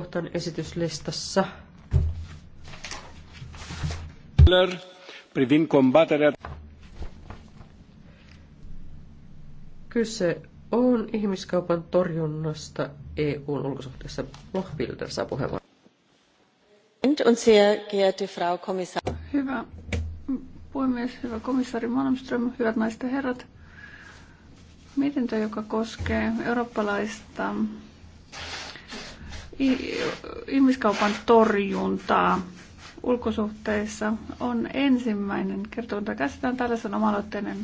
kohtaan esityslistassa. Kyse on ihmiskaupan torjunnasta EUn ulkosuhteessa. Lohbilder saa puheenvuoron. Hyvä puhemies, hyvä komissaari Malmström, hyvät naiset ja herrat. Mietintö, joka koskee eurooppalaista ihmiskaupan torjuntaa ulkosuhteissa on ensimmäinen kertokunta käsitään täällä on omaloitteinen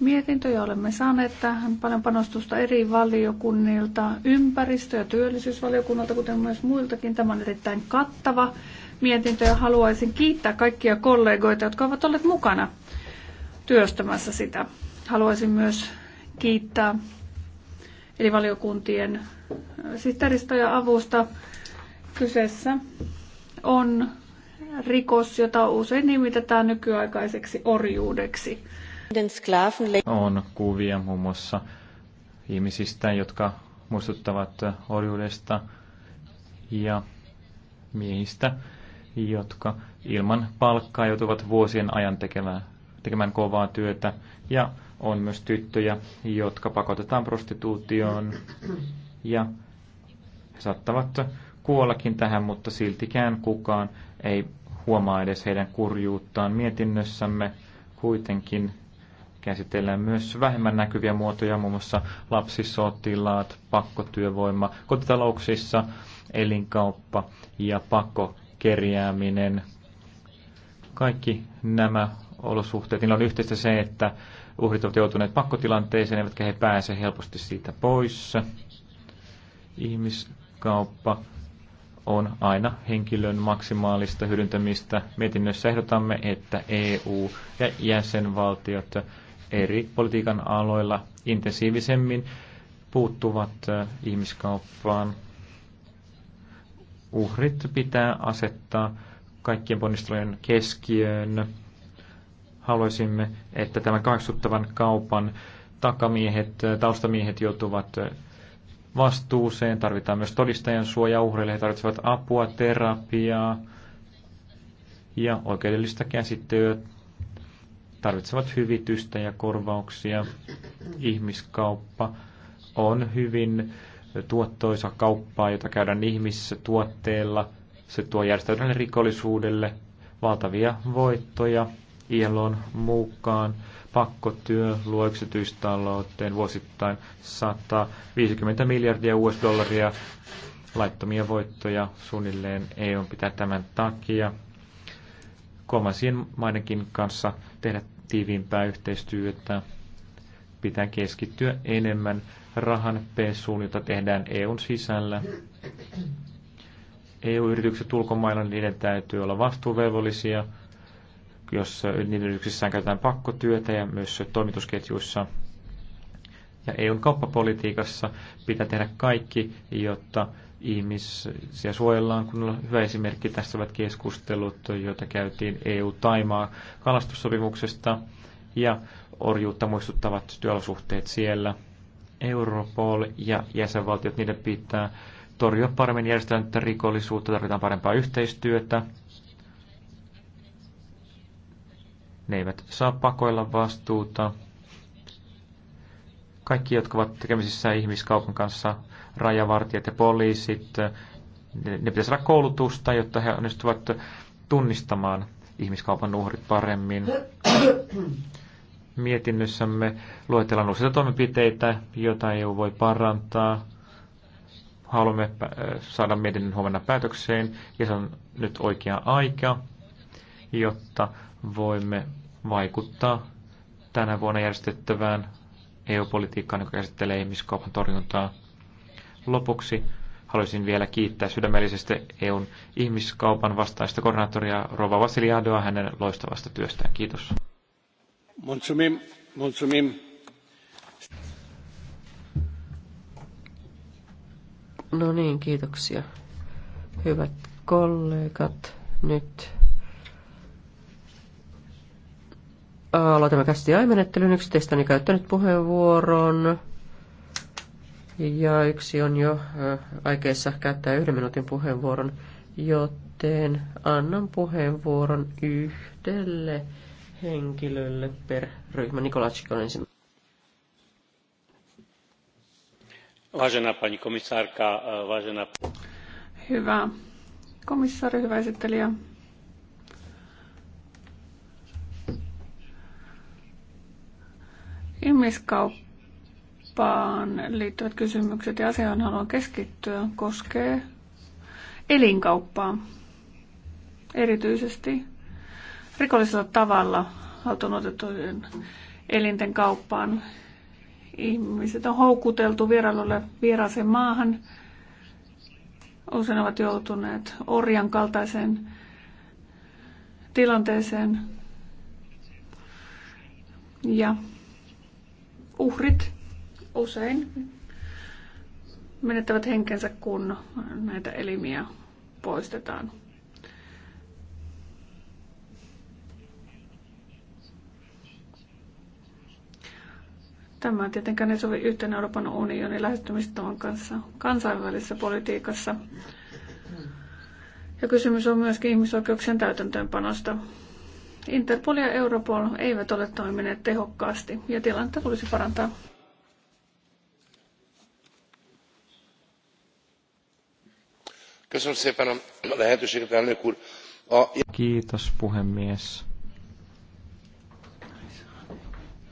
mietintö ja olemme saaneet tähän paljon panostusta eri valiokunnilta, ympäristö- ja työllisyysvaliokunnalta, kuten myös muiltakin. Tämä on erittäin kattava mietintö ja haluaisin kiittää kaikkia kollegoita, jotka ovat olleet mukana työstämässä sitä. Haluaisin myös kiittää eli valiokuntien sihteeristä ja avusta. Kyseessä on rikos, jota usein nimitetään nykyaikaiseksi orjuudeksi. On kuvia muun muassa ihmisistä, jotka muistuttavat orjuudesta ja miehistä, jotka ilman palkkaa joutuvat vuosien ajan tekemään, tekemään kovaa työtä ja on myös tyttöjä, jotka pakotetaan prostituutioon ja he saattavat kuollakin tähän, mutta siltikään kukaan ei huomaa edes heidän kurjuuttaan. Mietinnössämme kuitenkin käsitellään myös vähemmän näkyviä muotoja, muun muassa lapsisotilaat, pakkotyövoima, kotitalouksissa elinkauppa ja pakokerjääminen. Kaikki nämä olosuhteet, niillä on yhteistä se, että uhrit ovat joutuneet pakkotilanteeseen, eivätkä he pääse helposti siitä pois. Ihmiskauppa on aina henkilön maksimaalista hyödyntämistä. Mietinnössä ehdotamme, että EU ja jäsenvaltiot eri politiikan aloilla intensiivisemmin puuttuvat äh, ihmiskauppaan. Uhrit pitää asettaa kaikkien ponnistelujen keskiöön haluaisimme, että tämän kaksuttavan kaupan takamiehet, taustamiehet joutuvat vastuuseen. Tarvitaan myös todistajan suoja uhreille. He tarvitsevat apua, terapiaa ja oikeudellista käsittelyä. Tarvitsevat hyvitystä ja korvauksia. Ihmiskauppa on hyvin tuottoisa kauppaa, jota käydään ihmisissä tuotteella. Se tuo järjestäytyneelle rikollisuudelle valtavia voittoja ILOn mukaan pakkotyö luo yksityistalouteen vuosittain 150 miljardia US-dollaria laittomia voittoja suunnilleen EU pitää tämän takia kolmansien maidenkin kanssa tehdä tiiviimpää yhteistyötä. Pitää keskittyä enemmän rahan pesuun, jota tehdään EUn sisällä. EU-yritykset ulkomailla, niiden täytyy olla vastuuvelvollisia – jossa niiden yrityksissään käytetään pakkotyötä ja myös toimitusketjuissa ja EUn kauppapolitiikassa pitää tehdä kaikki, jotta ihmisiä suojellaan. Kun hyvä esimerkki tässä ovat keskustelut, joita käytiin EU-Taimaa kalastussopimuksesta ja orjuutta muistuttavat työolosuhteet siellä. Europol ja jäsenvaltiot, niiden pitää torjua paremmin järjestäytynyttä rikollisuutta, tarvitaan parempaa yhteistyötä Ne eivät saa pakoilla vastuuta. Kaikki, jotka ovat tekemisissä ihmiskaupan kanssa, rajavartijat ja poliisit, ne, ne pitäisi saada koulutusta, jotta he onnistuvat tunnistamaan ihmiskaupan uhrit paremmin. Mietinnössämme luetellaan useita toimenpiteitä, joita EU voi parantaa. Haluamme äh, saada mietinnön huomenna päätökseen ja se on nyt oikea aika, jotta voimme vaikuttaa tänä vuonna järjestettävään EU-politiikkaan, joka käsittelee ihmiskaupan torjuntaa. Lopuksi haluaisin vielä kiittää sydämellisesti EUn ihmiskaupan vastaista koordinaattoria Rova Vasiliadoa hänen loistavasta työstään. Kiitos. Monsumim, monsumim. No niin, kiitoksia. Hyvät kollegat, nyt Aloitamme käsitiaimenettelyn. Yksi teistä on käyttänyt puheenvuoron. Ja yksi on jo äh, aikeissa käyttää yhden minuutin puheenvuoron, joten annan puheenvuoron yhdelle henkilölle per ryhmä. Nikola on ensimmäinen. Vážená pani komisárka, vážená... Hyvä komissaari, hyvä esittelijä, Ihmiskauppaan liittyvät kysymykset ja asiaan haluan keskittyä koskee elinkauppaa. Erityisesti rikollisella tavalla haltuun otettujen elinten kauppaan. Ihmiset on houkuteltu vierailulle vieraaseen maahan. Usein ovat joutuneet orjan kaltaiseen tilanteeseen. Ja uhrit usein menettävät henkensä, kun näitä elimiä poistetaan. Tämä tietenkään ei sovi yhteen Euroopan unionin lähestymistavan kanssa kansainvälisessä politiikassa. Ja kysymys on myöskin ihmisoikeuksien täytäntöönpanosta. Interpol ja Europol eivät ole toimineet tehokkaasti ja tilannetta tulisi parantaa. Kiitos puhemies.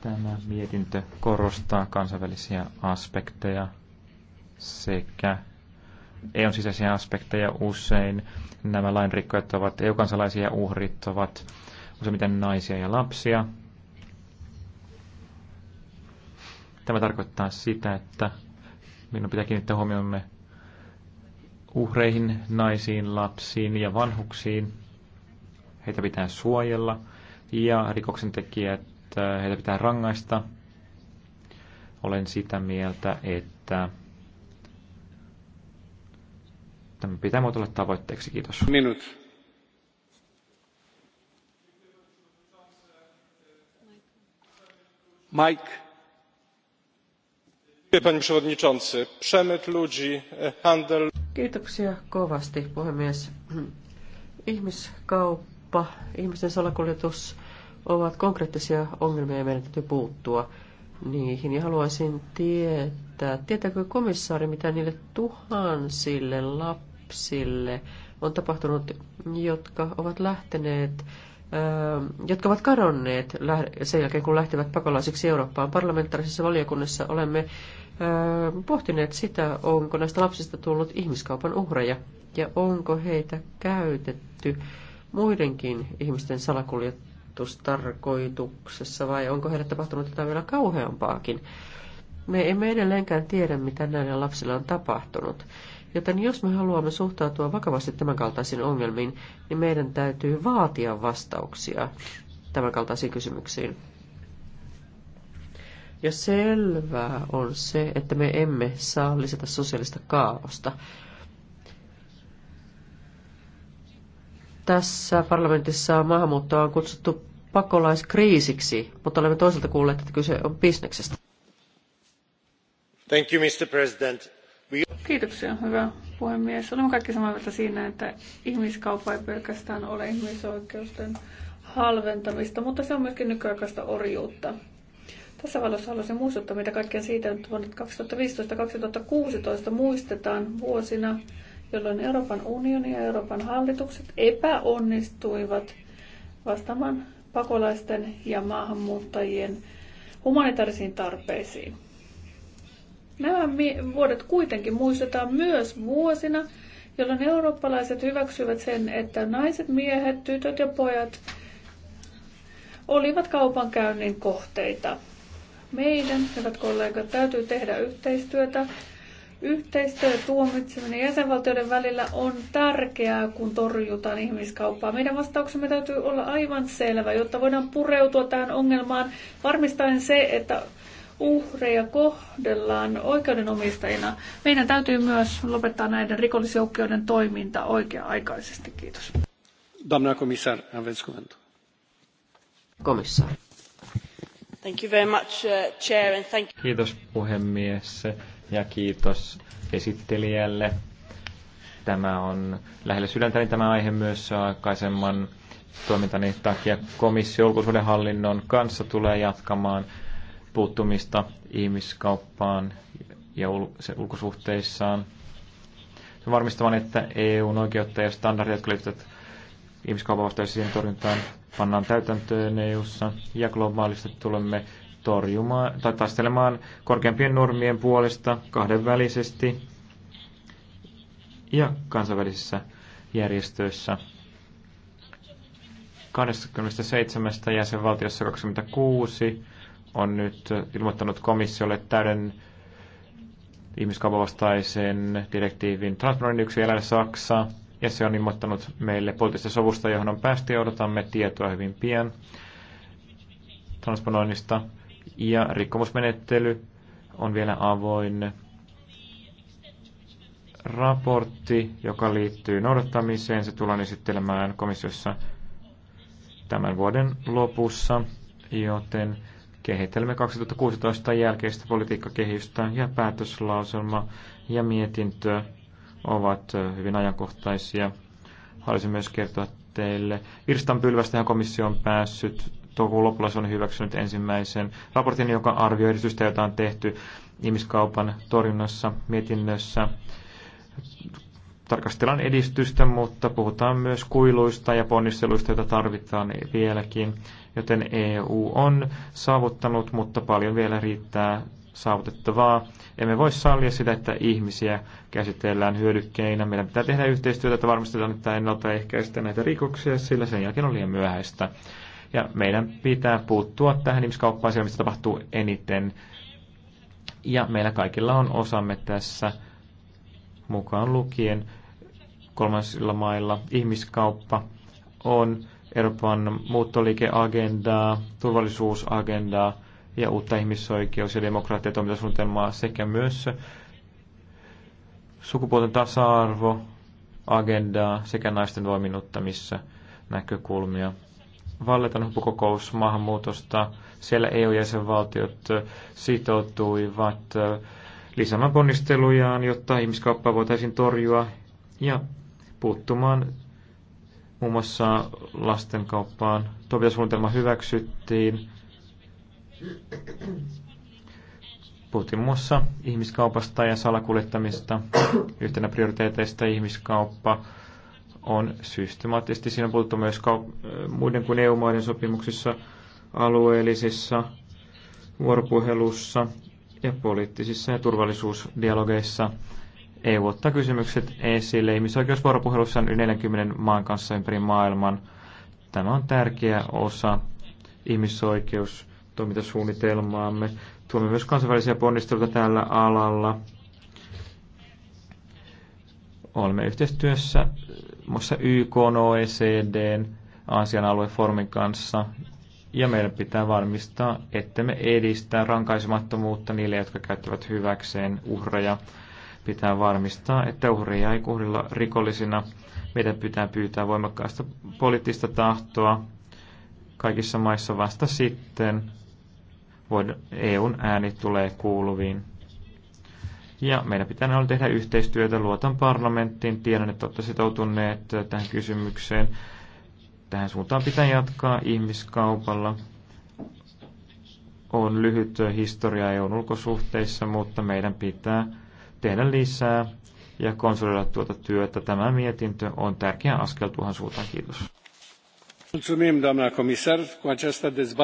Tämä mietintö korostaa kansainvälisiä aspekteja sekä EUn sisäisiä aspekteja usein. Nämä lainrikkojat ovat EU-kansalaisia uhrit ovat useimmiten naisia ja lapsia. Tämä tarkoittaa sitä, että minun pitää kiinnittää huomiomme uhreihin, naisiin, lapsiin ja vanhuksiin. Heitä pitää suojella ja tekijät, äh, heitä pitää rangaista. Olen sitä mieltä, että tämä pitää muotoilla tavoitteeksi. Kiitos. Minut. panie przewodniczący! przemyt ludzi e, handel. ihmiskauppa ihmisten salakuljetus ovat konkreettisia ongelmia ja meidän täytyy puuttua niihin. Ja haluaisin tietää, tietääkö komissaari, mitä niille tuhansille lapsille on tapahtunut, jotka ovat lähteneet jotka ovat kadonneet sen jälkeen, kun lähtevät pakolaisiksi Eurooppaan. Parlamentaarisessa valiokunnassa olemme pohtineet sitä, onko näistä lapsista tullut ihmiskaupan uhreja ja onko heitä käytetty muidenkin ihmisten salakuljetustarkoituksessa vai onko heille tapahtunut jotain vielä kauheampaakin. Me emme edelleenkään tiedä, mitä näillä lapsilla on tapahtunut. Joten jos me haluamme suhtautua vakavasti tämänkaltaisiin ongelmiin, niin meidän täytyy vaatia vastauksia tämänkaltaisiin kysymyksiin. Ja selvää on se, että me emme saa lisätä sosiaalista kaaosta. Tässä parlamentissa maahanmuuttoa on kutsuttu pakolaiskriisiksi, mutta olemme toisaalta kuulleet, että kyse on bisneksestä. Thank you, Mr. President Kiitoksia, hyvä puhemies. Olemme kaikki samaa mieltä siinä, että ihmiskauppa ei pelkästään ole ihmisoikeusten halventamista, mutta se on myöskin nykyaikaista orjuutta. Tässä valossa haluaisin muistuttaa mitä kaikkea siitä, nyt vuonna 2015-2016 muistetaan vuosina, jolloin Euroopan unioni ja Euroopan hallitukset epäonnistuivat vastaamaan pakolaisten ja maahanmuuttajien humanitaarisiin tarpeisiin. Nämä vuodet kuitenkin muistetaan myös vuosina, jolloin eurooppalaiset hyväksyivät sen, että naiset, miehet, tytöt ja pojat olivat kaupankäynnin kohteita. Meidän, hyvät kollegat, täytyy tehdä yhteistyötä. Yhteistyö ja tuomitseminen jäsenvaltioiden välillä on tärkeää, kun torjutaan ihmiskauppaa. Meidän vastauksemme täytyy olla aivan selvä, jotta voidaan pureutua tähän ongelmaan varmistaen se, että uhreja kohdellaan oikeudenomistajina, meidän täytyy myös lopettaa näiden rikollisjoukkojen toiminta oikea-aikaisesti. Kiitos. Doamna komissar, Komissaari. Thank you very much, uh, chair, and thank you. Kiitos puhemies ja kiitos esittelijälle. Tämä on lähellä sydäntäni tämä aihe myös aikaisemman toimintani takia komissio hallinnon kanssa tulee jatkamaan puuttumista ihmiskauppaan ja ul- ulkosuhteissaan. Se varmistavan, että EUn oikeutta ja standardit, jotka liittyvät ihmiskaupan vastaiseen torjuntaan, pannaan täytäntöön EUssa ja globaalisti tulemme torjumaan tai taistelemaan korkeampien normien puolesta kahdenvälisesti ja kansainvälisissä järjestöissä. 27 jäsenvaltiossa 26 on nyt ilmoittanut komissiolle täyden ihmiskaupavastaisen direktiivin transparentin yksi vielä Saksa, ja se on ilmoittanut meille poliittisesta sovusta, johon on päästy ja odotamme tietoa hyvin pian transponoinnista. Ja rikkomusmenettely on vielä avoin. Raportti, joka liittyy noudattamiseen, se tullaan esittelemään komissiossa tämän vuoden lopussa, joten Kehittelemme 2016 jälkeistä politiikkakehystä ja päätöslauselma ja mietintö ovat hyvin ajankohtaisia. Haluaisin myös kertoa teille. Virstanpylvästä komissio on päässyt toukokuun lopulla se on hyväksynyt ensimmäisen raportin, joka arvioi edistystä, jota on tehty ihmiskaupan torjunnassa mietinnössä tarkastellaan edistystä, mutta puhutaan myös kuiluista ja ponnisteluista, joita tarvitaan vieläkin. Joten EU on saavuttanut, mutta paljon vielä riittää saavutettavaa. Emme voi sallia sitä, että ihmisiä käsitellään hyödykkeinä. Meidän pitää tehdä yhteistyötä, että varmistetaan, että ennaltaehkäistä näitä rikoksia, sillä sen jälkeen on liian myöhäistä. Ja meidän pitää puuttua tähän ihmiskauppaan siellä, mistä tapahtuu eniten. Ja meillä kaikilla on osamme tässä mukaan lukien kolmansilla mailla. Ihmiskauppa on Euroopan muuttoliikeagendaa, turvallisuusagendaa ja uutta ihmisoikeus- ja demokratiatoimintasuunnitelmaa sekä myös sukupuolten tasa-arvo, agendaa sekä naisten voiminuttamissa näkökulmia. Valletan huippukokous maahanmuutosta. Siellä EU-jäsenvaltiot sitoutuivat lisäämään ponnistelujaan, jotta ihmiskauppaa voitaisiin torjua ja puuttumaan muun muassa lastenkauppaan. Toimintasuunnitelma hyväksyttiin. Puhuttiin muassa ihmiskaupasta ja salakuljettamista. Yhtenä prioriteeteista ihmiskauppa on systemaattisesti. Siinä on puhuttu myös muiden kuin EU-maiden sopimuksissa alueellisissa vuoropuhelussa ja poliittisissa ja turvallisuusdialogeissa. EU ottaa kysymykset esille ihmisoikeusvuoropuhelussa yli 40 maan kanssa ympäri maailman. Tämä on tärkeä osa ihmisoikeustoimintasuunnitelmaamme. Tuomme myös kansainvälisiä ponnisteluita tällä alalla. Olemme yhteistyössä muassa YK, OECD, Aasian aluefoorumin kanssa ja meidän pitää varmistaa, että me edistää rankaisemattomuutta niille, jotka käyttävät hyväkseen uhreja. Pitää varmistaa, että uhreja ei kohdella rikollisina. Meidän pitää pyytää voimakkaasta poliittista tahtoa kaikissa maissa vasta sitten, EUn ääni tulee kuuluviin. Ja meidän pitää olla tehdä yhteistyötä. Luotan parlamenttiin. Tiedän, että olette sitoutuneet tähän kysymykseen. Tähän suuntaan pitää jatkaa ihmiskaupalla. On lyhyt historia EUn ulkosuhteissa, mutta meidän pitää tehdä lisää ja konsolidoida tuota työtä. Tämä mietintö on tärkeä askel tuohon suuntaan. Kiitos. Mulțumim, doamna comisar. Cu această